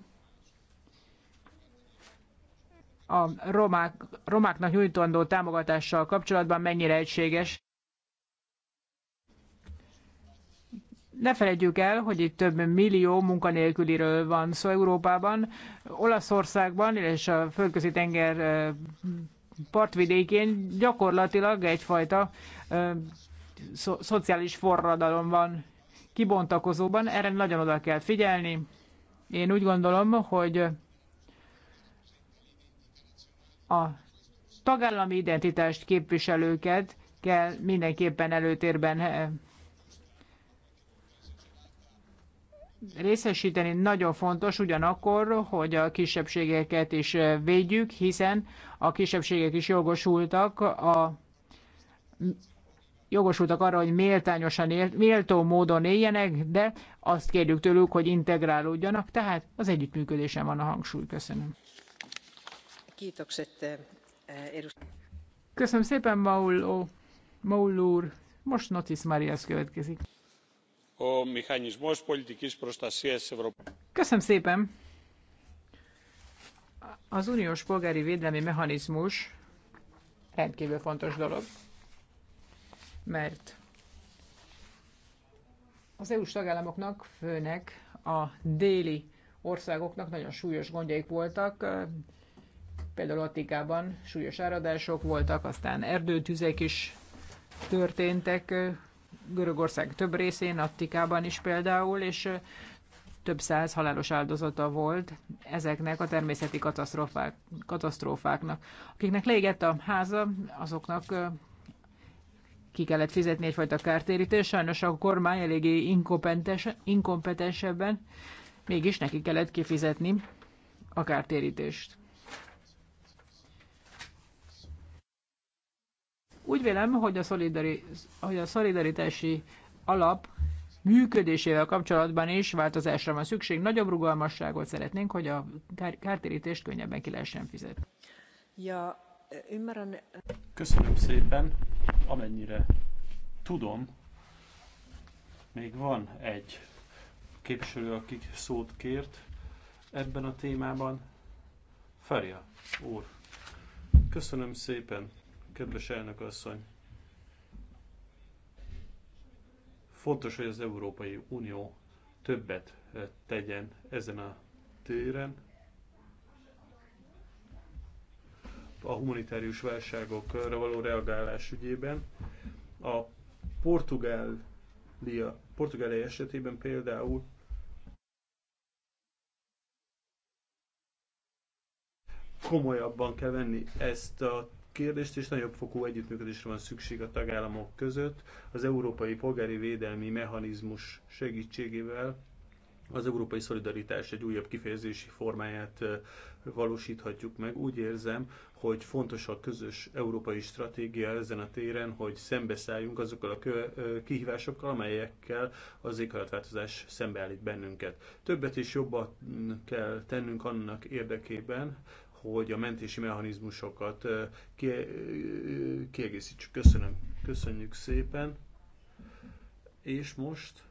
Speaker 1: a romák, romáknak nyújtandó támogatással kapcsolatban mennyire egységes. ne felejtjük el, hogy itt több millió munkanélküliről van szó Európában, Olaszországban, és a földközi tenger partvidékén gyakorlatilag egyfajta szo- szociális forradalom van kibontakozóban, erre nagyon oda kell figyelni. Én úgy gondolom, hogy a tagállami identitást képviselőket kell mindenképpen előtérben részesíteni nagyon fontos ugyanakkor, hogy a kisebbségeket is védjük, hiszen a kisebbségek is jogosultak a jogosultak arra, hogy méltányosan, él, méltó módon éljenek, de azt kérjük tőlük, hogy integrálódjanak, tehát az együttműködésen van a hangsúly. Köszönöm. Köszönöm szépen, Mauló, Maul úr. Most Notis Marias következik. Köszönöm szépen! Az uniós polgári védelmi mechanizmus rendkvül fontos dolog, mert az EU-s tagállamoknak, főnek a déli országoknak nagyon súlyos gondjaik voltak, például Attikában súlyos áradások voltak, aztán erdőtüzek is történtek, Görögország több részén, Attikában is például, és több száz halálos áldozata volt ezeknek a természeti katasztrófák, katasztrófáknak. Akiknek leégett a háza, azoknak ki kellett fizetni egyfajta kártérítést, sajnos a kormány eléggé inkompetensebben, mégis neki kellett kifizetni a kártérítést. Úgy vélem, hogy a, hogy a szolidaritási alap működésével kapcsolatban is változásra van szükség. Nagyobb rugalmasságot szeretnénk, hogy a kár- kártérítést könnyebben ki lehessen fizetni.
Speaker 2: Ja, ümmeren...
Speaker 3: Köszönöm szépen. Amennyire tudom, még van egy képviselő, aki szót kért ebben a témában. Feria úr, köszönöm szépen kedves elnök asszony! Fontos, hogy az Európai Unió többet eh, tegyen ezen a téren. A humanitárius válságokra való reagálás ügyében. A Portugália, Portugália esetében például komolyabban kell venni ezt a kérdést, és nagyobb fokú együttműködésre van szükség a tagállamok között. Az Európai Polgári Védelmi Mechanizmus segítségével az európai szolidaritás egy újabb kifejezési formáját valósíthatjuk meg. Úgy érzem, hogy fontos a közös európai stratégia ezen a téren, hogy szembeszálljunk azokkal a kihívásokkal, amelyekkel az éghajlatváltozás szembeállít bennünket. Többet és jobban kell tennünk annak érdekében, hogy a mentési mechanizmusokat kiegészítsük. Köszönöm. Köszönjük szépen. És most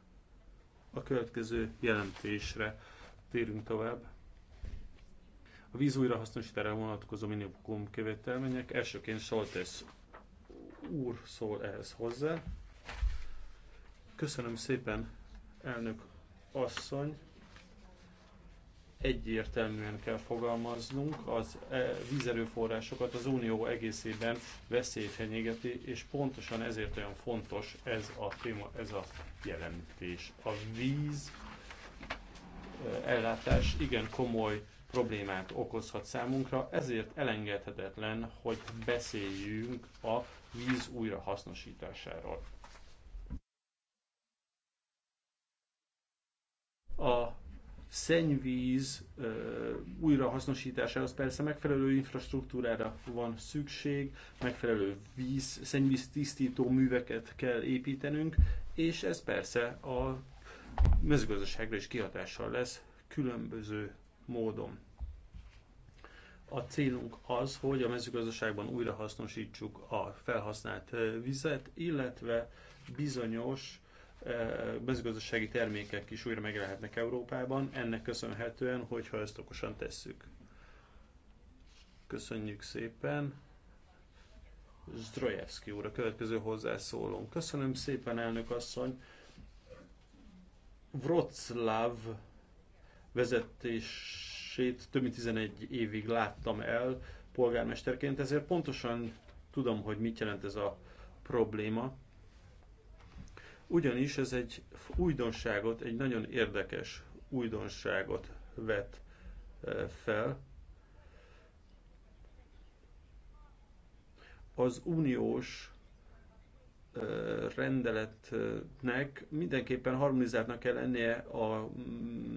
Speaker 3: a következő jelentésre térünk tovább. A víz újrahasznosítára vonatkozó minimum követelmények. Elsőként Soltesz úr szól ehhez hozzá. Köszönöm szépen, elnök asszony egyértelműen kell fogalmaznunk, az e, vízerőforrásokat az Unió egészében veszély fenyegeti, és pontosan ezért olyan fontos ez a téma, ez a jelentés. A víz e, ellátás igen komoly problémát okozhat számunkra, ezért elengedhetetlen, hogy beszéljünk a víz újrahasznosításáról. A szennyvíz újrahasznosításához persze megfelelő infrastruktúrára van szükség, megfelelő víz, szennyvíz tisztító műveket kell építenünk, és ez persze a mezőgazdaságra is kihatással lesz különböző módon. A célunk az, hogy a mezőgazdaságban újrahasznosítsuk a felhasznált vizet, illetve bizonyos mezőgazdasági termékek is újra megjelenhetnek Európában, ennek köszönhetően, hogyha ezt okosan tesszük. Köszönjük szépen! Zdrojevski úr, a következő hozzászólón. Köszönöm szépen, elnök asszony! Wroclaw vezetését több mint 11 évig láttam el polgármesterként, ezért pontosan tudom, hogy mit jelent ez a probléma ugyanis ez egy újdonságot, egy nagyon érdekes újdonságot vet e, fel. Az uniós e, rendeletnek mindenképpen harmonizáltnak kell lennie a mm,